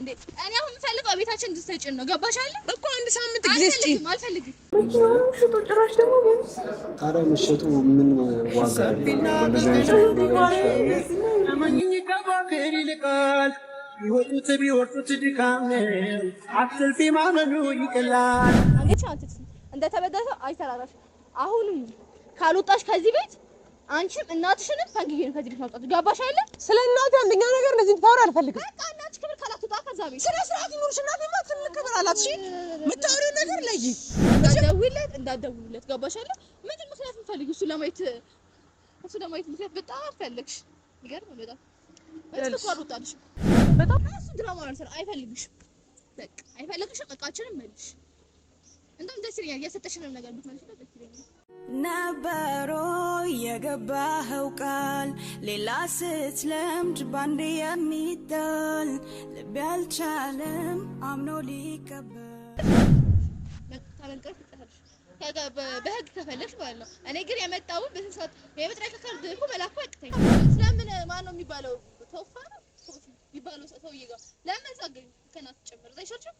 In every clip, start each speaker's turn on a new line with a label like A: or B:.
A: እኔ አሁን የምፈልገው ቤታችን እንድትሰጪን ነው። ገባሽ አለ
B: እኮ አንድ ሳምንት ጊዜ እስቲ
A: አልፈልግም።
C: መሸጡ ምን
D: ዋጋ ይልቃል። ይወጡት ቢወርጡት ድካም አትልፊ ማመኑ ይቀላል።
A: አይተራራሽ። አሁንም ካልወጣሽ ከዚህ ቤት አንቺም እናትሽንም ፈንግዬንም ከዚህ ቤት ማውጣት ገባሽ አይደለ?
B: ስለ እናቴ አንደኛ ነገር እንደዚህ እንድታወሪ አልፈልግም።
A: በቃ እናትሽ ክብር ካላትወጣ ከዛ ቤት
B: ስለ ስርዓት ይኑርሽ። እናቴ ማ ትልቅ ክብር አላት። እሺ የምታወሪው ነገር ለይ
A: እንዳትደውይለት እንዳትደውሉለት። ገባሽ አይደለ? ምንድን ምክንያት ምፈልግ እሱ ለማየት እሱ ለማየት ምክንያት በጣም ፈለግሽ። ይገርም በጣም በጣም ወጣልሽ። በጣም እሱ ድራማ ነው። አይፈልግሽም፣ በቃ አይፈልግሽም። እቃችንም መልሽ። እንደውም ደስ ይለኛል። የሰጠሽንም ነገር ብትመልሽ ደስ ይለኛል።
E: ነበሮ የገባኸው ቃል ሌላ ስትለምድ ባንድ የሚጣል ልብ ያልቻለም አምኖ ሊቀበል
A: በህግ ከፈለግሽ ማለት ነው። እኔ ግን የመጣው በስንት የመጥሪያ ከካርድ እኮ መላኩ ያቅተኝ። ስለምን ማን ነው የሚባለው? ተወፋ ነው የሚባለው ሰውዬ ጋር ለምን ጸገኝ ከናት ጭምር ዘይሾችም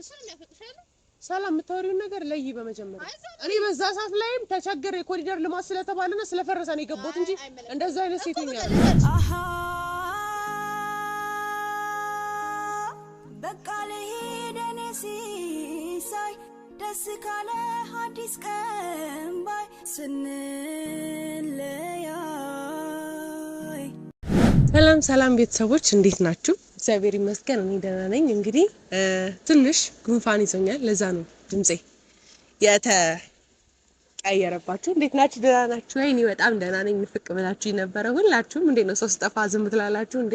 A: እሱን የሚያፈቅሻለሁ
B: ሰላም የምታወሪውን ነገር ለይ በመጀመሪያ እኔ በዛ ሰዓት ላይም ተቸገረ የኮሪደር ልማት ስለተባለና ስለፈረሰ ነው የገባሁት እንጂ እንደዛ አይነት ሴት
A: በቃ እኔ ሲሳይ ደስ ካለ አዲስ ቀን ባይ ስንለያይ
B: ሰላም ሰላም ቤተሰቦች እንዴት ናችሁ? እግዚአብሔር ይመስገን እኔ ደህና ነኝ። እንግዲህ ትንሽ ጉንፋን ይዞኛል፣ ለዛ ነው ድምጼ የተቀየረባችሁ። እንዴት ናችሁ? ደህና ናችሁ ወይ? እኔ በጣም ደህና ነኝ። ንፍቅ ብላችሁ ይነበረ ሁላችሁም እንዴት ነው? ሰው ስጠፋ ዝም ትላላችሁ እንዴ?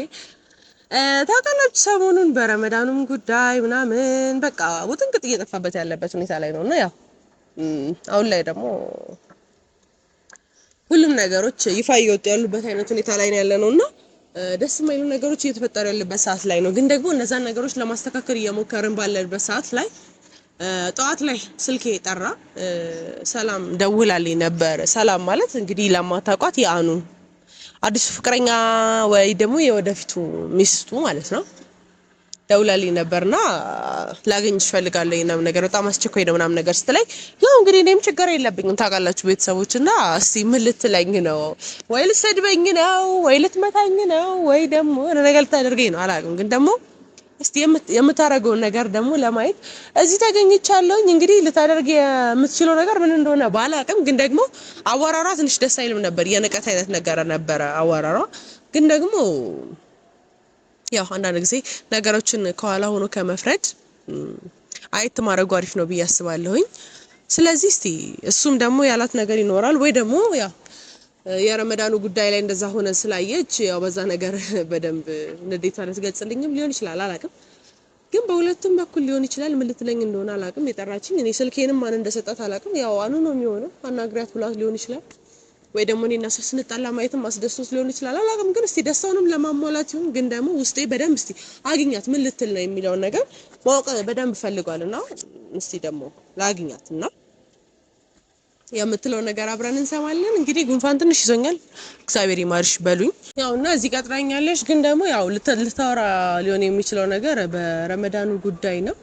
B: ታውቃላችሁ ሰሞኑን በረመዳኑም ጉዳይ ምናምን በቃ ውጥንቅጥ እየጠፋበት ያለበት ሁኔታ ላይ ነው እና ያው አሁን ላይ ደግሞ ሁሉም ነገሮች ይፋ እየወጡ ያሉበት አይነት ሁኔታ ላይ ነው ያለ ነው እና ደስ የማይሉ ነገሮች እየተፈጠሩ ያለበት ሰዓት ላይ ነው። ግን ደግሞ እነዛን ነገሮች ለማስተካከል እየሞከርን ባለበት ሰዓት ላይ ጠዋት ላይ ስልኬ ጠራ። ሰላም ደውላልኝ ነበር። ሰላም ማለት እንግዲህ ለማታውቋት የአኑ አዲሱ ፍቅረኛ ወይ ደግሞ የወደፊቱ ሚስቱ ማለት ነው። ደውላልኝ ነበርና ላገኝሽ እፈልጋለሁ ምናምን ነገር በጣም አስቸኳይ ነው ምናምን ነገር ስትለኝ፣ ያው እንግዲህ እኔም ችግር የለብኝም ታውቃላችሁ ቤተሰቦች። እና እስኪ ምን ልትለኝ ነው? ወይ ልትሰድበኝ ነው፣ ወይ ልትመታኝ ነው፣ ወይ ደግሞ ነገር ልታደርገኝ ነው አላውቅም። ግን ደግሞ እስቲ የምታደርገውን ነገር ደግሞ ለማየት እዚህ ተገኝቻለሁኝ። እንግዲህ ልታደርግ የምትችለው ነገር ምን እንደሆነ ባላውቅም፣ ግን ደግሞ አወራሯ ትንሽ ደስ አይልም ነበር። የንቀት አይነት ነገር ነበረ አወራሯ ግን ደግሞ ያው አንዳንድ ጊዜ ነገሮችን ከኋላ ሆኖ ከመፍረድ አየት ማድረጉ አሪፍ ነው ብዬ አስባለሁኝ። ስለዚህ እስቲ እሱም ደግሞ ያላት ነገር ይኖራል ወይ ደግሞ ያው የረመዳኑ ጉዳይ ላይ እንደዛ ሆነ ስላየች ያው በዛ ነገር በደንብ ንዴቷን አትገልጽልኝም ሊሆን ይችላል አላቅም። ግን በሁለቱም በኩል ሊሆን ይችላል። ምን ልትለኝ እንደሆነ አላቅም። የጠራችኝ እኔ ስልኬንም ማን እንደሰጣት አላቅም። ያው አኑ ነው የሚሆነው አናግሪያት ብላት ሊሆን ይችላል። ወይ ደግሞ እኔና እና እሷ ስንጣላ ማየትም አስደስቶት ሊሆን ይችላል። አላውቅም፣ ግን እስቲ ደስታውንም ለማሟላት ይሁን ግን ደግሞ ውስጤ በደንብ እስቲ አግኛት ምን ልትል ነው የሚለውን ነገር ማወቅ በደንብ ፈልጓል እና እስቲ ደግሞ ለአግኛት እና የምትለው ነገር አብረን እንሰማለን። እንግዲህ ጉንፋን ትንሽ ይዞኛል፣ እግዚአብሔር ይማርሽ በሉኝ። ያው እና እዚህ ቀጥራኛለች፣ ግን ደግሞ ያው ልታወራ ሊሆን የሚችለው ነገር በረመዳኑ ጉዳይ ነው።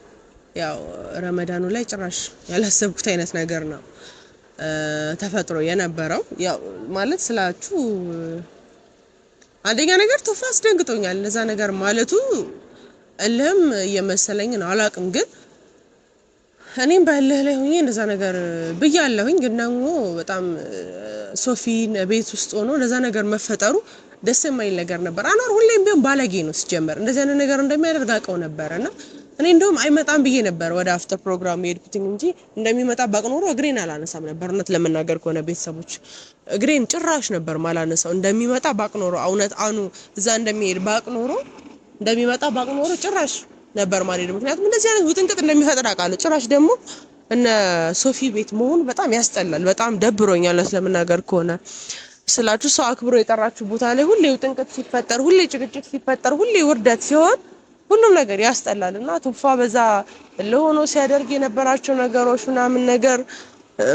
B: ያው ረመዳኑ ላይ ጭራሽ ያላሰብኩት አይነት ነገር ነው ተፈጥሮ የነበረው ማለት ስላችሁ አንደኛ ነገር ቶፋ አስደንግጦኛል። ለዛ ነገር ማለቱ እልህም ነው አላቅም፣ ግን እኔም በእልህ ላይ ሆኜ እንደዛ ነገር ብያለሁኝ። ግን ደግሞ በጣም ሶፊን ቤት ውስጥ ሆኖ እንደዛ ነገር መፈጠሩ ደስ የማይል ነገር ነበር። አኗር ሁሌም ቢሆን ባለጌ ነው ሲጀመር። እንደዚህ አይነት ነገር እንደሚያደርግ አውቀው ነበረ እኔ እንደውም አይመጣም ብዬ ነበር ወደ አፍተር ፕሮግራም የሄድኩትኝ እንጂ እንደሚመጣ ኖሮ እግሬን አላነሳም ነበር። እውነት ለመናገር ከሆነ ቤተሰቦች እግሬን ጭራሽ ነበር ማላነሳው። እንደሚመጣ ኖሮ እውነት አኑ እዛ እንደሚሄድ ኖሮ እንደሚመጣ ኖሮ ጭራሽ ነበር ማለት ምክንያቱም እንደዚህ አይነት ውጥንቅጥ እንደሚፈጥር አውቃለሁ። ጭራሽ ደግሞ እነ ሶፊ ቤት መሆን በጣም ያስጠላል። በጣም ደብሮኛል እውነት ለመናገር ከሆነ ስላችሁ ሰው አክብሮ የጠራችሁ ቦታ ላይ ሁሌ ውጥንቅጥ ሲፈጠር፣ ሁሌ ጭቅጭቅ ሲፈጠር፣ ሁሌ ውርደት ሲሆን ሁሉም ነገር ያስጠላል እና ቱፋ በዛ ለሆኖ ሲያደርግ የነበራቸው ነገሮች ምናምን ነገር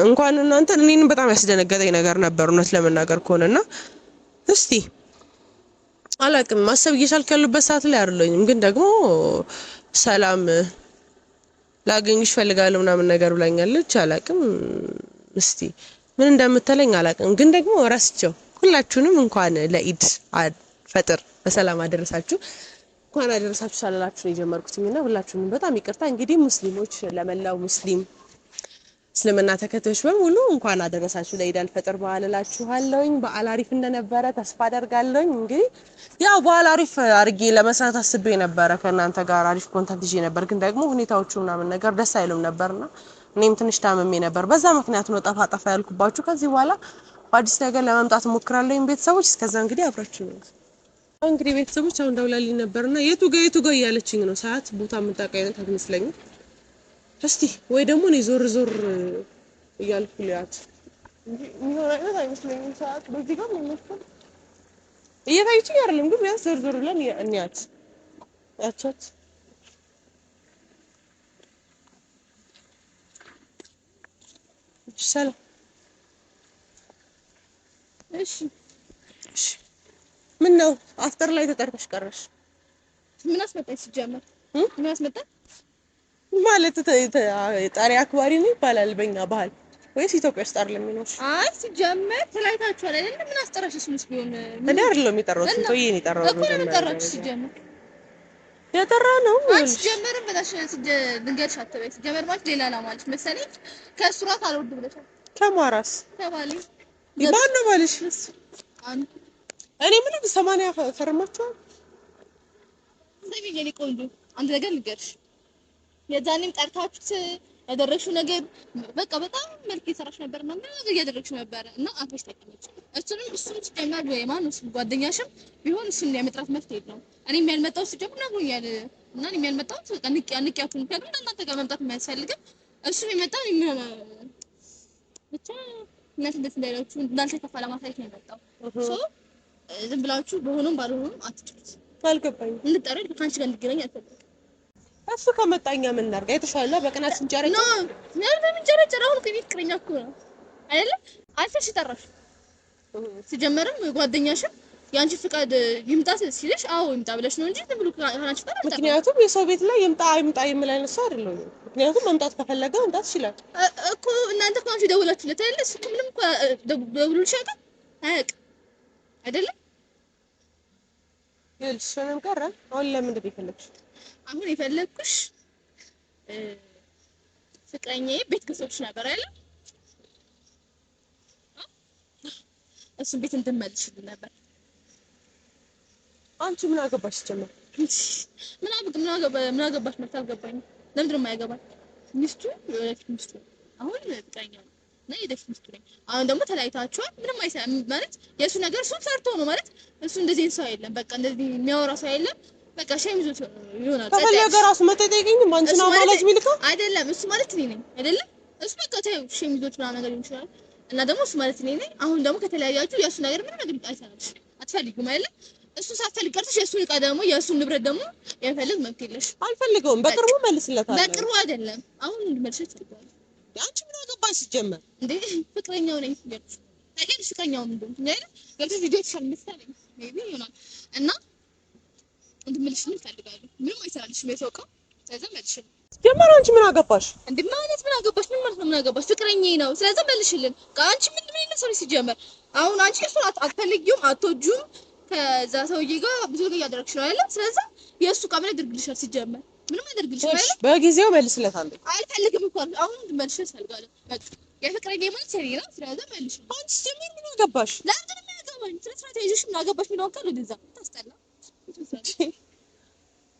B: እንኳን እናንተ እኔንም በጣም ያስደነገጠኝ ነገር ነበር እውነት ለመናገር ከሆነ እስቲ አላቅም ማሰብ እየቻልክ ያሉበት ሰዓት ላይ አይደለኝም፣ ግን ደግሞ ሰላም ላገኝሽ ፈልጋለሁ ምናምን ነገር ብላኛለች። አላቅም እስቲ ምን እንደምትለኝ አላቅም፣ ግን ደግሞ ረስቸው ሁላችሁንም እንኳን ለኢድ ፈጥር በሰላም አደረሳችሁ። እንኳን አደረሳችሁ ሳላችሁ ነው የጀመርኩትኝ እና ሁላችሁም በጣም ይቅርታ። እንግዲህ ሙስሊሞች ለመላው ሙስሊም እስልምና ተከታዮች በሙሉ እንኳን አደረሳችሁ ለኢድ አልፈጥር በዓል እላችኋለሁኝ። በዓል አሪፍ እንደነበረ ተስፋ አደርጋለሁኝ። እንግዲህ ያው በዓል አሪፍ አድርጌ ለመስራት አስቤ ነበረ። ከእናንተ ጋር አሪፍ ኮንተንት ይዤ ነበር፣ ግን ደግሞ ሁኔታዎቹ ምናምን ነገር ደስ አይሉም ነበርና እኔም ትንሽ ታመሜ ነበር። በዛ ምክንያት ነው ጠፋ ጠፋ ያልኩባችሁ። ከዚህ በኋላ በአዲስ ነገር ለመምጣት እሞክራለሁኝ። ቤተሰቦች እስከዛ እንግዲህ አብራችሁ ነው እንግዲህ ቤተሰቦች አሁን ደውላልኝ ነበርና የቱ ጋ የቱ ጋ እያለችኝ ነው። ሰዓት ቦታ የምታውቅ አይነት አትመስለኝም። እስቲ ወይ ደግሞ እኔ ዞር ዞር እያልኩ ሊያት
A: የሚሆን አይነት አይመስለኝም። ሰዓት በዚህ ጋር የሚመስል
B: እየታየችኝ አይደለም፣ ግን ቢያንስ ዞር ዞር ብለን እንያት ያቻት ሰላም። እሺ እሺ ምን ነው አፍተር ላይ ተጠርተሽ ቀረሽ?
A: ምን አስመጣኝ? ሲጀመር ምን አስመጣኝ
B: ማለት ጠሪ አክባሪ ነው ይባላል በእኛ ባህል ወይስ ኢትዮጵያ ውስጥ አይደለም የሚኖር?
A: አይ ሲጀመር ተለያይታችኋል አይደል? ምን አስጠራሽስ? ምስ ቢሆን
B: እኔ አይደለም የጠራሁት ነው ይሄን የጠራሁት
A: እኮ ነው ጠራሁት። ሲጀመር የጠራ ነው ሲጀመር በታሽ ድንገትሽ አትበይ። ሲጀመር ማለት ሌላ ነው መሰለኝ። ከእሱ እራት አልወድ ብለሻል። ከማራስ ከባሌ ማን ነው ባልሽ? አንተ
B: እኔ ምንም ሰማንያ ፈርማችኋል።
A: የኔ ቆንጆ አንድ ነገር ልገርሽ፣ የዛኔም ጠርታችሁት ያደረግሽው ነገር በቃ በጣም መልክ የሰራሽ ነበር እና ምንም እያደረግሽ ነበር እና አንተሽ ተቀመጭ። እሱንም እሱም ሲጀምር ወይ ማን ነው ጓደኛሽም ቢሆን እሱን የመጥራት መፍትሄ ነው። እኔ የሚያልመጣው ሲጀምር ነግሮኛል እና እኔ የሚያልመጣው ንቅ ንቅያቱ ምክንያቱም እናንተ ጋር መምጣት የማያስፈልግም እሱም የመጣው ብቻ እናት እንደት እንዳይላችሁ እንዳልተከፋ ለማሳየት ነው የመጣው ዝም ብላችሁ በሆነም ባልሆነም አትጥሩት። አልገባኝም። እንድጠረን ከአንቺ ጋር እንድገናኝ አልፈልግም።
B: እሱ ከመጣኛ ምን እናድርግ? አይተሻላ በቅናት ስንጨረጭ
A: ነው የምንጨረጨር። አሁን ከቤት ቅረኛ እኮ ነው አይደለ? አልፈሽ ጠራሽ። ሲጀመርም ጓደኛሽም የአንቺ ፍቃድ ይምጣ ሲልሽ አዎ ይምጣ ብለሽ ነው እንጂ ዝም ብሎ ከአንቺ ጋር
B: ምክንያቱም የሰው ቤት ላይ ይምጣ ይምጣ የምል አይነት ሰው አይደለሁም። ምክንያቱም መምጣት ከፈለገ መምጣት ይችላል
A: እኮ። እናንተ እኮ ደውላችሁለት አይደለ? እሱ ምንም እኮ ደውሎልሽ አያውቅም አይደለም
B: ይኸውልሽ እሱንም ቀረ። አሁን ለምንድን ነው የፈለግሽ?
A: አሁን የፈለግኩሽ ፍቅረኛዬ ቤት ገዝቶብሽ ነበር አይደል? እሱን ቤት እንድመልሽልኝ ነበር።
B: አንቺ ምን አገባሽ? ጀመር
A: ምን አብቅ ምን አገባ ምን አገባሽ? ማለት አልገባኝም። ለምንድን ነው የማያገባሽ? ሚስቱ ወይስ ሚስቱ አሁን ፍቅረኛው እና የደፍ ሚስቱ ነኝ። አሁን ደግሞ ተለያይታችኋል። ምንም አይሰማም ማለት የእሱ ነገር እሱን ሰርቶ ነው ማለት እሱ እንደዚህ ሰው የለም፣ በቃ እንደዚህ የሚያወራ ሰው የለም። በቃ ሻይ ይዞት
B: ይሆናል። ከፈለገ ራሱ መጠየቅኝ ባንቺና ማለት ሚልከው
A: አይደለም። እሱ ማለት እኔ ነኝ አይደለም። እሱ በቃ ሻይ ይዞት ምናምን ነገር ይችላል። እና ደግሞ እሱ ማለት እኔ ነኝ። አሁን ደግሞ ከተለያያችሁ የእሱ ነገር ምንም ነገር አይሰራልሽ፣ አትፈልጊውም አይደለም እሱ ሳትፈልግ ቀርተሽ የእሱን ዕቃ ደግሞ የእሱን ንብረት ደግሞ የመፈልግ መብት የለሽም።
B: አልፈልገውም። በቅርቡ መልስለታለሁ።
A: በቅርቡ አይደለም አሁን መልሰሽ
B: ትገባለሽ አንቺ ምን አገባሽ? ሲጀመር
A: እንዴ ፍቅረኛው ነኝ ሲጀምር ታዲያ ፍቅረኛው ምንድን ነው አይደል? ቪዲዮ ይችላል መሰለኝ ሜቢ ይሆናል እና እንድምልሽ ምን ፈልጋለሁ ምንም አይሰራልሽ የተወቀው ስለዚህ መልሽልኝ።
B: ጀመር አንቺ ምን አገባሽ?
A: እንዴ ማለት ምን አገባሽ? ምን ማለት ነው ምን አገባሽ? ፍቅረኛዬ ነው። ስለዚህ መልሽልን። አንቺ ምን ምን ነው ሰው ሲጀመር አሁን አንቺ እሱ አትፈልጊውም፣ አትወጂውም ከዛ ሰውዬ ጋር ብዙ ነገር እያደረግሽ ነው አይደል? ስለዚህ የእሱ ቃ ምን ያደርግልሻል ሲጀመር ምንም አደርግልሽ ማለት
B: በጊዜው መልስለታለሁ።
A: አልፈልግም እኮ አሁን መልሽ ፈልጋለሁ። በቃ የፍቅረኛ ማለት ሰሪ ነው። ስለዚህ መልሽ
B: አንቺ ጀምር ምን አገባሽ?
A: ለምን ምን አገባኝ? ስለዚህ ታይጆሽ ምን አገባሽ? ምን ወቀል ወደዛ ታስጠላ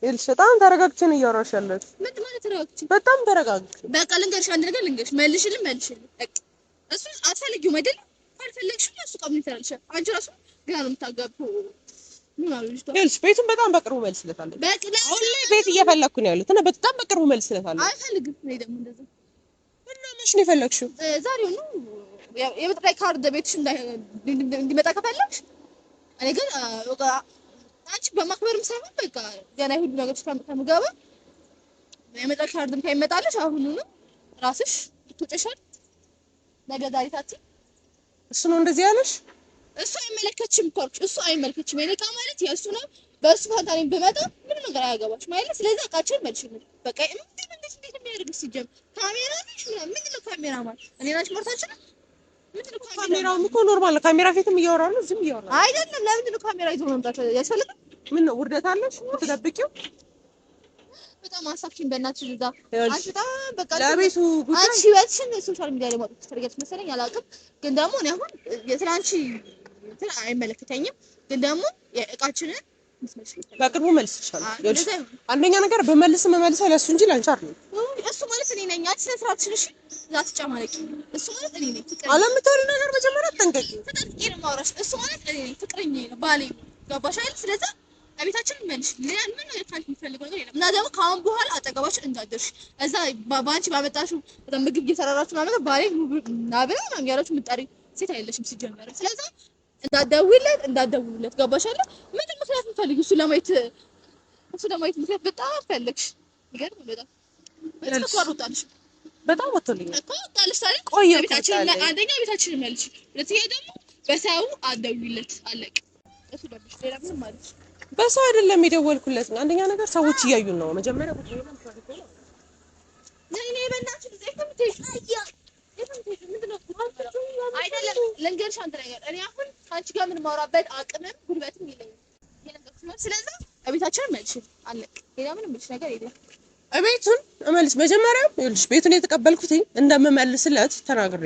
B: ይልሽ በጣም ተረጋግተን እያወራሽ ያለሽ
A: ምን ማለት ተረጋግተን፣
B: በጣም ተረጋግተን
A: በቃ ልንገርሽ፣ አንድ ነገር ልንገርሽ፣ መልሽልኝ፣ መልሽልኝ እሱ አትፈልጊውም አይደል? ካልፈለግሽም እሱ ቀምን ይተራልሽ። አንቺ ራሱ ገና ነው ይኸውልሽ
B: ቤቱን በጣም በቅርቡ መልስለታለሁ። አሁን ላይ ቤት እየፈለግኩ ነው ያሉት እና በጣም በቅርቡ መልስለታለሁ።
A: አልፈልግም። እኔ
B: እና መች ነው የፈለግሽው?
A: ነው ካርድ ቤትሽ እንዲመጣ ከፈለግሽ እኔ ግን አንቺ በማክበርም ሳይሆን በቃ ገና የሁሉ ከምገባ የመጥሪያ ካርድም ካይመጣልሽ አሁኑኑ ራስሽ ትውጭሻል። ነገ ዛሬ ታቲ
B: እሱ ነው እንደዚህ ያለሽ
A: እሱ አይመለከትሽም እኮ አልኩሽ። እሱ አይመለከትሽም የእኔ ዕቃ ማለት የእሱ ነው። በእሱ ፋንታ እኔም ብመጣ ምንም ነገር አያገባች ማለት ስለዚህ ዕቃችን መልሽ በቃ። እንዴት እንዴት እንዴት የሚያደርግ ሲጀምር ካሜራ ፊት ነው። ምንድን ነው ካሜራ ማለት እኔ ናች መርታችን
B: ምንድን እኮ ኖርማል ነው። ካሜራ ፊትም እያወራሉ ዝም እያወራሉ
A: አይደለም። ለምንድን ነው ካሜራ ይዞ መምጣት ያስፈልጋል?
B: ምን ነው ውርደት አለሽ ትደብቂው?
A: በጣም አሳፍሽን በእናትሽ እዛ በጣም በቃ ለቤቱ ጉዳይ አንቺ ህይወትሽን ሶሻል ሚዲያ ላይ ማውጣት ትፈልጊያለሽ መሰለኝ አላውቅም። ግን ደግሞ እኔ አሁን የትናንቺ አይመለከተኝም። ግን ደግሞ የእቃችንን
B: በቅርቡ መልስ ይችላል። አንደኛ ነገር በመልስ መመልሰው ለእሱ እንጂ ለአንቺ አይደለም።
A: እሱ ማለት እኔ ነኝ። አንቺ ስለ ስራችን እሺ፣ እዛ እሱ ማለት እኔ ነኝ።
B: አለምታወሪ ነገር መጀመሪያ አትጠንቀቂ።
A: ተጠንቅቄ ነው የማወራሽ። እሱ ማለት እኔ ነኝ፣ ፍቅረኛ ነው፣ ባሌ ነው። ገባሽ አይደል? ስለዛ ቤታችን መልሽ። ሌላ ምን ነገር ካንቺ የሚፈልገው ነገር የለም። እና ደግሞ ከአሁን በኋላ አጠገባችን እንዳደርሽ እዛ በአንቺ ባመጣሽው ምግብ እየሰራራችሁ ምናምን ባሌ ናብላ ምናምን ያላችሁ ምጣሪ ሴት አይለሽም ሲጀመር ስለዛ እንዳትደውይለት እንዳትደውሉለት ገባሻለ ምንድን ምክንያት የምትፈልጊ እሱ ለማየት እሱ ለማየት ምክንያት በጣም ፈለግሽ ይገርም በጣም ወጣልሽ
B: በጣም ወጥቶልኛል
A: እኮ ወጣልሽ ታዲያ ቆየ ቤታችን አንደኛ ቤታችን መልሽ ሁለተኛ ደግሞ በሰው አትደውይለት አለቅ እሱ ባልሽ ሌላ ምንም ማለት
B: በሰው አይደለም የደወልኩለት አንደኛ ነገር ሰዎች እያዩን ነው መጀመሪያ
A: ቁጭ ነው ነው ነው ነው በእናትሽ ዘይት ምትይ አይደለም ልንገርሽ አንድ ነገር፣ እኔ አሁን ከአንቺ ጋር አቅምም ጉልበትም የለኝም። ስለዚህ መልሽ፣ አለቅ። ሌላ ምንም ነገር የለም።
B: እቤቱን እመልስ መጀመሪያ ቤቱን የተቀበልኩት እንደምመልስለት ተናግሬ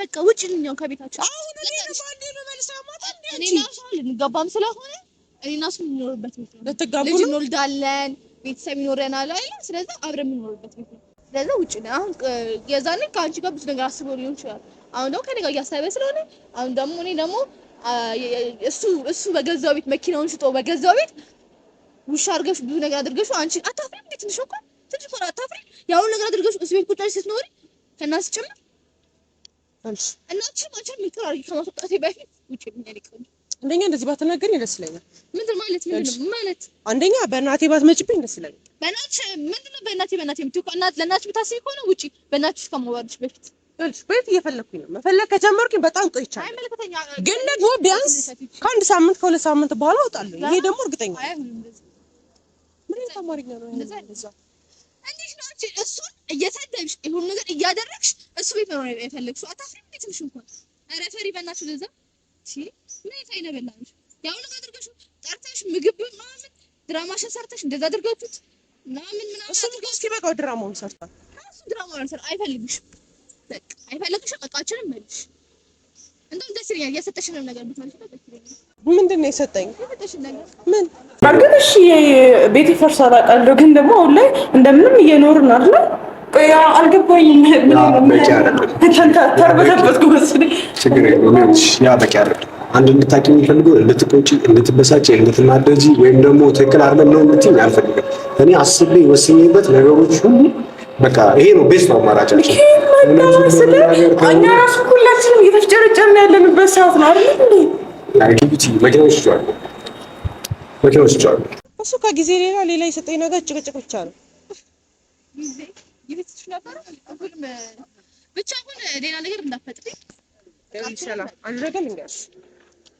A: በቃ ውጭ ልኛው ከቤታችን አሁን ስለሆነ የምንኖርበት ቤት ነው? ልጅ እንወልዳለን፣ ቤተሰብ ይኖረናል አይደል? ስለዚህ አብረን የምንኖርበት ቤት ነው። ስለዚህ ውጭ ነን። አሁን የዛኔ ከአንቺ ጋር ብዙ ነገር አስቦ ሊሆን ይችላል። አሁን ደግሞ ከኔ ጋር እያሰበ ስለሆነ አሁን ደግሞ እኔ ደግሞ እሱ እሱ በገዛው ቤት መኪናውን ሽጦ በገዛው ቤት ውሻ አድርገሽ ብዙ ነገር አድርገሽ አንቺ አታፍሪ እንዴ? ትንሽ እንኳን ትንሽ እንኳን አታፍሪ? ያሁን ነገር አድርገሽ እሱ ቤት ቁጫሽ ስትኖሪ ከእናት ስትጨምር አንቺ እናትሽም አንቺን ምክር አድርጊ ከማስወጣቴ በፊት ውጭ ነን።
B: አንደኛ እንደዚህ ባትናገሪ ደስ ይለኛል።
A: ምንድን ማለት ምንድን ማለት
B: አንደኛ በእናቴ ባትመጭብኝ ደስ ይለኛል።
A: በእናትሽ ምንድን ነው በእናቴ በእናቴ የምትውቀው እናት ለእናትሽ ብታስቢ ከሆነ ውጪ በእናትሽ ከመዋልሽ በፊት
B: ልጅ ቤት እየፈለግኩኝ ነው። መፈለግ ከጀመርኩኝ በጣም ቆይቻለሁ፣ ግን ደግሞ ቢያንስ ከአንድ ሳምንት ከሁለት ሳምንት በኋላ እወጣለሁ። ይሄ ደግሞ እርግጠኛ ምን አይነት አማርኛ ነው?
A: እንዴት ነው አንቺ እሱን እየሰደብሽ ይሁን ነገር እያደረግሽ እሱ ቤት ነው የፈለግሽው? አታፍሪም? ቤትሽ እንኳን ኧረ ፈሪ በእናትሽ ለዛ ሁኔታ ይነበላል ያሁን አድርገሽው ጠርተሽ ምግብ ምናምን ድራማሽን ሰርተሽ እንደዛ አድርገው ምናምን ምናምን
B: እሱ ልጅ እስኪበቃው ድራማውን ሰርቷል።
A: እሱ ድራማውን ሰርቷል። አይፈልግሽም፣ በቃ አይፈልግሽም። እቃችንም መልሽ። እንደውም ደስ ይለኛል የሰጠሽንም ነገር ብትመልሽ
B: ደስ ይለኛል። ምንድን ነው የሰጠኝ?
A: የሰጠሽን ነገር
B: ምን በእርግጥ እሺ፣ ቤት ይፈርሳል አውቃለሁ፣ ግን ደግሞ አሁን ላይ እንደምንም እየኖርን አይደለ? ቆያ አልገባኝም።
C: ምን ነው ያ በቂ አይደለም።
B: ተንታ ተርበተበት ጎስ
C: ችግር የለውም። ያ በቂ አይደለም። አንድ እንድታቂ የሚፈልገው እንድትቆጪ፣ እንድትበሳጭ፣ እንድትናደጂ ወይም ደግሞ ትክክል አይደለም ነው እንድትይኝ አልፈልግም። እኔ አስቤ ወስኝበት ነገሮች ሁሉ በቃ ይሄ ነው ቤስት ነው አማራጫችን።
B: እኛ ራሱ ሁላችንም እየተፍጨረጨርን ያለንበት ሰዓት ነው አይደል?
C: መኪናዎች ይጫሉ።
B: እሱ ከጊዜ ሌላ ሌላ የሰጠኝ ነገር ጭቅጭቅ ብቻ ነው።
A: ብቻ ሌላ ነገር እንዳፈጥ
B: እንዳፈጥሪ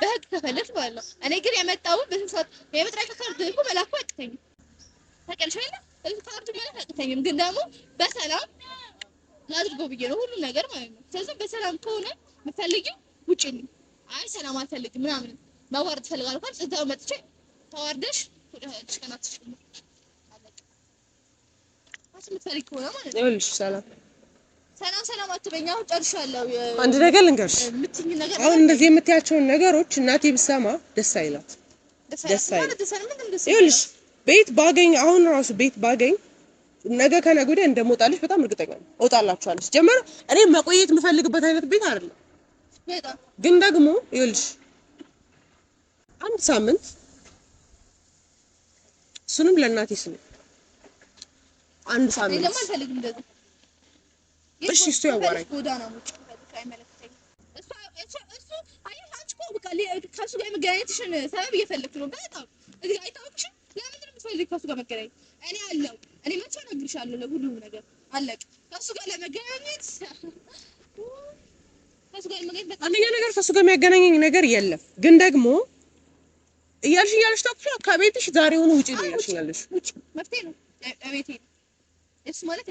A: በህግ ከፈለግሽ ማለት ነው። እኔ ግን የመጣውን በስንሰት የመጥሪያ ካርድ እኮ መላኩ አያቅተኝም። ታውቂያለሽ አይደል? ካርድ መላክ አያቅተኝም፣ ግን ደግሞ በሰላም አድርገው ብዬ ነው ሁሉም ነገር ማለት ነው። ስለዚህ በሰላም ከሆነ የምትፈልጊው ውጪ ነው። አይ ሰላም አልፈልግም ምናምን መዋረድ ፈልጋል ካልሽ እዛው መጥቼ ተዋርደሽ ትሽከናትሽ ማለት ነው። አስምትፈልጊ ከሆነ ማለት
B: ነው። ይኸውልሽ ሰላም
A: ሰላም ሰላም አትበኛው። ጨርሻለሁ።
B: አንድ ነገር ልንገርሽ። አሁን እንደዚህ የምትያቸውን ነገሮች እናቴ ብሰማ ደስ አይላት፣
A: ደስ አይላት።
B: ይኸውልሽ ቤት ባገኝ አሁን ራሱ ቤት ባገኝ ነገ ከነገ ወዲያ እንደምወጣልሽ በጣም እርግጠኛ ነኝ። እወጣላችኋለሁ። ጀመረ እኔ መቆየት የምፈልግበት አይነት ቤት አይደለም፣ ግን ደግሞ ይኸውልሽ አንድ ሳምንት እሱንም ለእናቴ ስለ አንድ
A: ሳምንት
B: እሺ እሱ ያዋራኝ
A: ከሱ ጋር መገናኘትሽን ሰበብ እየፈለግሽ ነው። በጣም አይታዎችም። ለምንድን ነው የምትፈልጊው ከሱ ጋር መገናኘት? እኔ አለው እኔ መቼ እነግርሻለሁ ለሁሉም ነገር አለቅ። ከሱ ጋር ለመገናኘት
B: አንደኛ ነገር ከሱ ጋር የሚያገናኘኝ ነገር የለም። ግን ደግሞ እያልሽ እያልሽ ተኩሽ ከቤትሽ ዛሬ ውጪ ነው እያልሽ ያለሽ
A: መፍትሄ ነው ቤቴ ነው እሱ ማለት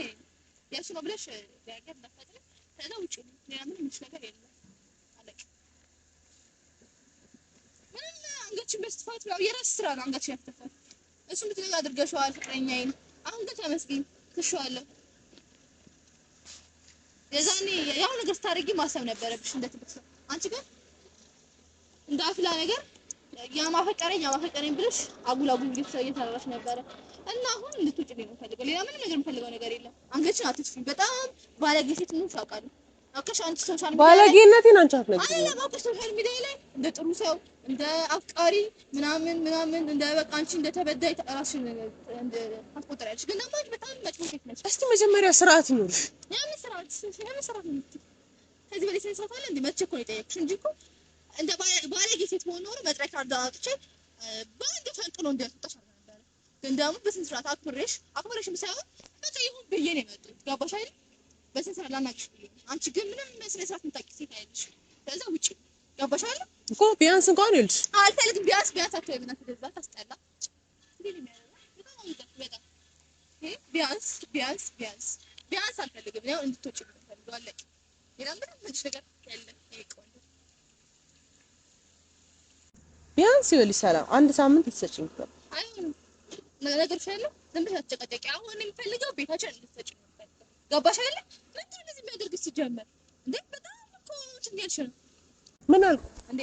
A: የእሱ ነው ብለሽ ለሀገር መፈጠር ከዛ ውጭ ሌላ ምንም ነገር የለም። አለቅ ምንም በስትፋት ያው ስራ ነው። አንገትሽን እሱ ምትለኝ አድርገሽዋል። ፍቅረኛዬን አሁን ግን ተመስገን ትሸዋለሁ። የዛኔ ያው ነገር ስታደርጊ ማሰብ ነበረብሽ እንደ አንቺ ግን እንደ አፍላ ነገር ያማፈቀረኝ ያማፈቀረኝ ብለሽ አጉላጉል ግፍ እየተራራሽ ነበረ እና አሁን እንድትውጭልኝ ነው የምፈልገው። ሌላ ምንም ነገር የምፈልገው ነገር የለም። አንገችን አትስፊኝ። በጣም ባለጌ ሴት ነው አውቃለሁ። አውቀሽ አንቺ ሶሻል ሚዲያ
B: ባለጌነቴን አንቺ አትነግሪኝ።
A: አይ አውቀሽ ሶሻል ሚዲያ ላይ እንደ ጥሩ ሰው እንደ አፍቃሪ ምናምን ምናምን እንደ በቃ አንቺ እንደ ተበዳይ ራስሽን እንደ አትቆጥሪያለሽ። ግን ደግሞ በጣም መጥፎ ሴት ነች።
B: እስቲ መጀመሪያ ስርዓት ይኑርሽ።
A: ያ ምን ስርዓት ያ ምን ስርዓት ነው? ከዚህ በላይ ስነ ስርዓት አለ እንዴ? መቼ እኮ ነው የጠየቅሽ እንጂ እኮ እንደ ባለጌ ሴት መሆን ኖሮ መድረክ አደራርቼ በአንድ ፈንቅሎ እንዲያስወጣሽ አድርጋ ነበረ። ግን ደግሞ በስንት ስርዓት አክብሬሽ አክብሬሽም ሳይሆን በቃ ይሁን ብዬ ነው የመጡት። ገባሽ አይደል? በስንት ስርዓት ላናቅሽ ብዬ አንቺ ግን ምንም ስነ ስርዓት የምታውቂ ሴት አይልሽ። ከዛ ውጭ ገባሽ አይደል
B: እኮ ቢያንስ እንኳን ይልሽ
A: አልፈልግም። ቢያንስ ቢያንስ አትበይም። እናት ገዛ ታስጠላ ቢያንስ ቢያንስ ቢያንስ ቢያንስ አልፈልግም። ያው እንድትወጪ ፈልገዋለቅ ሌላ ምንም ነገር ያለ ይቆል
B: ቢያንስ ይኸውልሽ ሰላም አንድ ሳምንት ልትሰጪኝ ይገባል።
A: አሁን የምፈልገው ቤታችን እንደዚህ የሚያደርግ ሲጀመር? እንዴ በጣም እኮ ምን አልኩ? እንዴ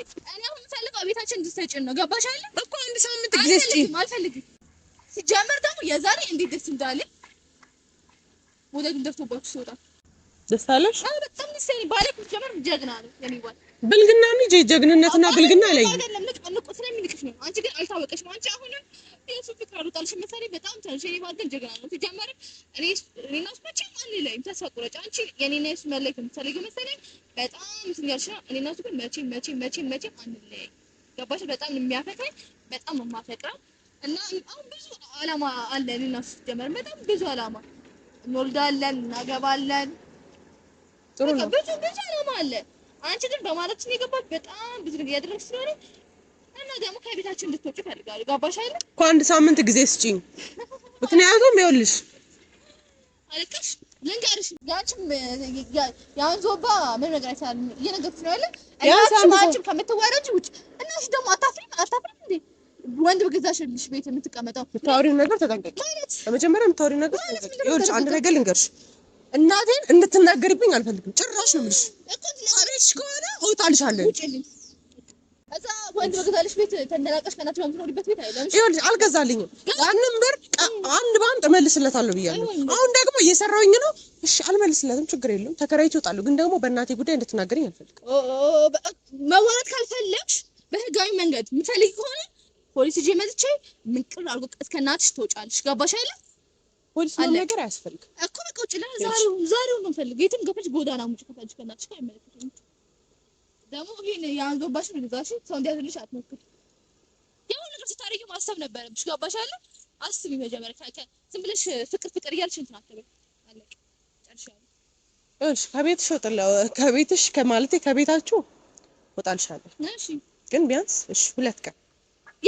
A: አሁን ቤታችን ነው።
B: እኮ አንድ ሳምንት
A: ሲጀመር ደግሞ የዛሬ እንዴት ደስ እንዳለ ወደዱን ደፍቶባችሁ ሲወጣ ደስ አለሽ? አዎ በጣም ደስ ያለኝ ባለ ሲጀመር ጀግና ነው
B: የሚባል ብልግና ነው እንጂ ጀግንነትና ብልግና ላይ
A: ቃልሽን መሳሌ በጣም ተንሽኔ ባገል ጀግና ነው። ሲጀመር ሪኖስ እሱ መቼም ላይ ተስፋ ቁረጫ አንቺ የኔና የሱ መለየት የምትፈልጊው መሰለኝ በጣም ነው። እኔና እሱ ግን መቼ መቼ መቼ መቼም አንለይም። ገባሽ? በጣም የሚያፈቅረኝ በጣም የማፈቅረው እና አሁን ብዙ አላማ አለ እኔና እሱ ሲጀመር በጣም ብዙ አላማ እንወልዳለን፣ እናገባለን። ጥሩ ነው። ብዙ ብዙ አላማ አለ። አንቺ ግን በማለት ነው የገባሽ። በጣም ብዙ ነገር ያደረግሽ ስለሆነ እና ደግሞ ከቤታችን እንድትወጪ እፈልጋለሁ። ገባሽ አይደል? እኮ
B: አንድ ሳምንት ጊዜ ስጪኝ። ምክንያቱም ይኸውልሽ
A: አለቀሽ ልንገርሽ ያንቺም ያን ዞባ ምን ነገር አይቻልም። እየነገርኩሽ ነው አይደል? አንቺም ከምትወረጂ ውጭ እናሽ እሺ፣ ደግሞ አታፍሪም አታፍሪም እንዴ? ወንድ በገዛሽልሽ ቤት የምትቀመጠው
B: የምታወሪው ነገር ተጠንቀቂ። በመጀመሪያ የምታወሪው ነገር ተጠንቀቂ። ይኸውልሽ አንድ ነገር ልንገርሽ፣ እናቴን እንድትናገርብኝ አልፈልግም። ጭራሽ ነው የምልሽ።
A: አብሬሽ ከሆነ
B: እወጣልሻለሁ። ይኸውልሽ አልገዛልኝም። ያንን ብር አንድ በአንድ እመልስለታለሁ ብያለሁ። አሁን ደግሞ እየሰራውኝ ነው። እሺ አልመልስለትም፣ ችግር የለም ተከራይቼ እወጣለሁ። ግን ደግሞ በእናቴ ጉዳይ እንድትናገረኝ አልፈልግም።
A: መዋረት ካልፈለግሽ በህጋዊ መንገድ የምፈልግ ከሆነ ፖሊስ ይዤ መጥቼ ምንቅር አድርጎ እስከ እናትሽ ትወጫለሽ። ገባሽ አይደለ?
B: ፖሊስ ምንም ነገር አያስፈልግም
A: እኮ በቃ ውጭ ዛሬውን ነው የምፈልግ። የትም ገባሽ ጎዳና ሙጭ ከፈጅ ከእናትሽ ጋር አይመለከተኝም ደግሞ ይህን ያንገባሽ ንግዛሽ ሰው እንዲያዝልሽ አትሞክሪ። የሆነ ነገር ስታደርጊ ማሰብ ነበረብሽ። ገባሽ አለ አስቢ መጀመሪያ ካከ ዝም ብለሽ ፍቅር ፍቅር እያልሽ እንትን አትበይ። አለቀ ጨርሻለሁ።
B: እሺ ከቤትሽ ወጥለው ከቤትሽ ከማለቴ ከቤታችሁ ወጣልሻለሁ። እሺ ግን ቢያንስ እሺ ሁለት ቀን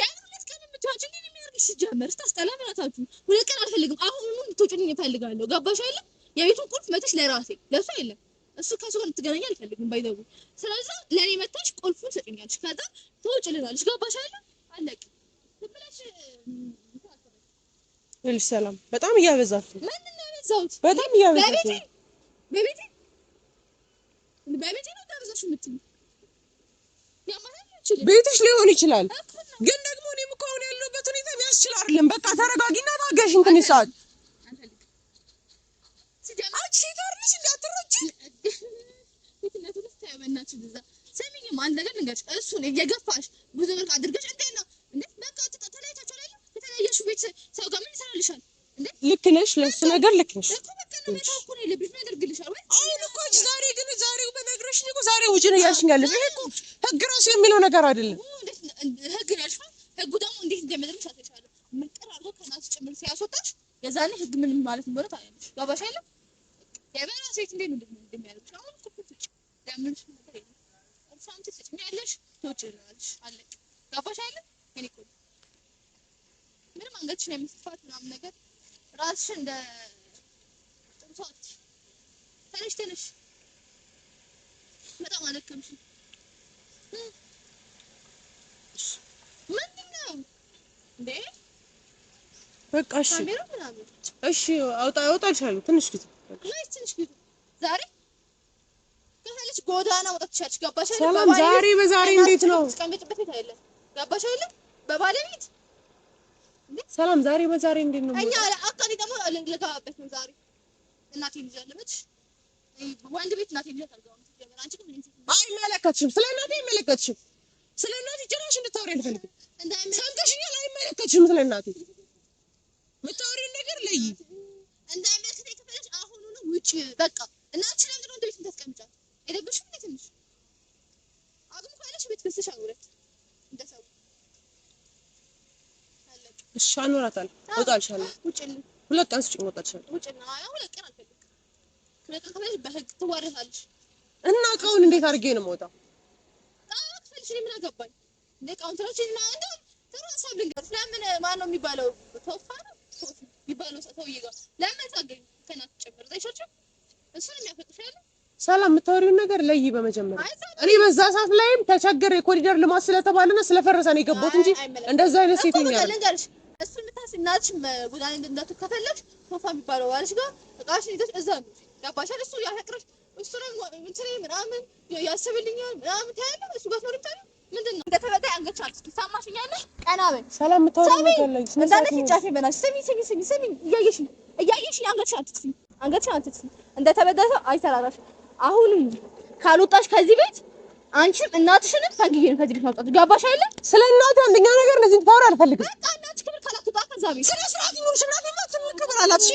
A: ያን ሁለት ቀን የምትዋጭ እንዴ የሚያርግሽ ጀመር ስታስጠላ ምናታችሁ ሁለት ቀን አልፈልግም። አሁን ምን ትወጪኝ እፈልጋለሁ። ገባሽ አለ የቤቱን ቁልፍ መተሽ ለራሴ ለእሱ የለም እሱ ከሱ ጋር ልትገናኝ አልፈልግም። ባይዘው ስለዛ ለእኔ መታች ቁልፉን ሰጠኛለች። ከዛ ተውጭ ልናለች። ገባሽ አለ አለቅ ብለሽ
B: ልልሽ ሰላም በጣም እያበዛት
A: ምንድን ነው ያበዛሁት? በጣም እያበዛት በቤቴ በቤቴ በቤቴ ነው ታበዛሽ የምትል
B: ቤትሽ ሊሆን ይችላል፣ ግን ደግሞ እኔም እኮ አሁን ያለሁበት ሁኔታ የሚያስችል አይደለም። በቃ ተረጋጊና ታገሽ እንትን ሰዓት
A: አንቺ ጋር ነሽ ልክ ነሽ፣ ለእሱ ነገር ልክ ነሽ። ዛሬ ግን ነው እያልሽኝ ያለሽ ይሄ እኮ ህግ ራሱ የሚለው ነገር አይደለም። ህጉ ደግሞ እንዴት እንደሚያደርግሽ አትሻለሁ ምጥር አድርጎ ከናሱ ጭምር ሲያስወጣሽ የዛኔ ህግ ምን ማለት እንደሆነ ታያለሽ። ገባሽ አይደለም Devran şeklinde dinleyelim. Şu an sıkıntı. Demlim şimdi değil. Santi seçim. Yerleş. Tutuyoruz. Halle. Kapaşayla. Menikul. Benim anda çinem sıfat namlıdır. Rahatsın da. Tumsat. Tanış tanış. በጣም አለከምሽ ምንድን ነው እንዴ? በቃ እሺ፣ እሺ አውጣ አውጣልሻለሁ ትንሽ ጊዜ ጎዳና መውጣት ትችያለሽ። ገባሽ ሰላም ዛሬ በዛሬ እንዴት ነው ቤት አይደለ? ገባሽ አይደል? በባለቤት ሰላም ዛሬ በዛሬ እንዴት ነው? አይመለከትሽም። ስለ እናቴ አይመለከትሽም። ስለ እናቴ ጭራሽ እንድታወሪ አልፈልግም። ሰምተሽኛል? አይመለከትሽም። ስለ እናቴ የምታወሪውን ነገር ለይ ውጭ በቃ እና አንቺ ለምንድን ነው እንደ ቤት የምታስቀምጫት? አይደብርሽም? እንደ ትንሽ አቅም ካለሽ ቤት ገዝተሽ አኑረት። እንደሰው ሰው እሺ አኑራታለሁ። እወጣልሻለሁ። ውጭልኝ ሁለት ቀን ስጭኝ፣ እወጣልሻለሁ። ውጭና ሁለት ቀን አልፈልግም። ሁለት ቀን ከፈለግሽ በህግ ትዋረታለሽ። እና እቃውን እንዴት አድርጌ ነው የምወጣው? ክፈልሽ ምን አገባኝ? እንደ እቃውን ትራችን እንደ ትራሳ ብልንገር ስለምን ማን ነው የሚባለው? ቶፋ ነው ቶፋ ሰላም የምታወሪውን ነገር ለይ በመጀመሪያ እኔ በዛ ሰዓት ላይም ተቸገረ የኮሪደር ልማት ስለተባለና ስለፈረሰ ነው የገባሁት እንጂ እንደዛ አይነት ሴት ነው ያለሽ። እሱ ምታስ እናትሽ ጉዳይ ሶፋ እዛ ያባሻል። እሱ እሱ ነው ምናምን ምናምን እሱ ጋር ምንድን ነው እንደተበዳይ አንገትሽ አይሰራራሽ። አሁንም ካልወጣሽ ከዚህ ቤት አንቺም እናትሽንም ፈንግዬ ከዚህ ቤት ማውጣት። ገባሽ አይደል? ስለ እናት አንደኛ ነገር እንደዚህ ታወራ አልፈልግም። በቃ እናትሽ ክብር ካላትወጣ ከዛ ቤት ስለ ስርዓት ይኑርሽ። ምናምን ክብር አላት።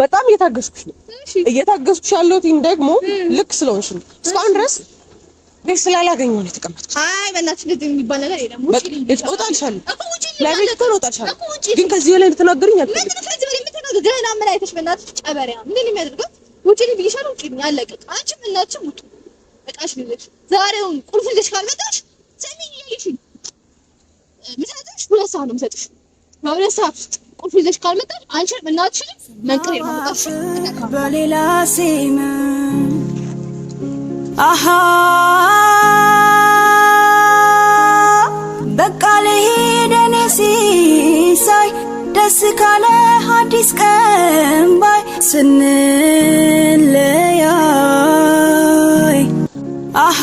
A: በጣም እየታገስኩሽ ነው። እየታገስኩሽ ያለሁት ደግሞ ልክ ስለሆንሽ ነው። እስካሁን ድረስ ቤት ስላላገኘሁ ነው የተቀመጥኩት። አይ በእናትሽ የሚባል ነገር የለም። ነው ግን ከዚህ በላይ እንድትናገሪኝ አልፈልግም። ገና ምን አይተሽ በእናትሽ ጨበሪያ ምን ውጡ። በቃሽ። ልጅ ዛሬውን ቁልፍ ልጅ ካልመጣሽ ሰሚኝ ያይሽ ምሳጥሽ ሁለት ሰዓት ነው ምሰጥሽ በሁለት ሰዓት ውስጥ ቁልፍ ይዘሽ ካልመጣሽ አንቺን እናትሽን መንቅሬ ነው። በሌላ ሴም አሃ በቃ ልሂድ እኔ ሲሳይ ደስ ካለ አዲስ ቀን ባይ ስንለያይ አሃ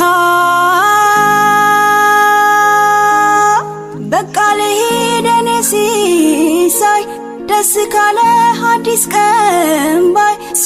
A: ሲሳይ ደስ ካለ አዲስ ቀን ባይ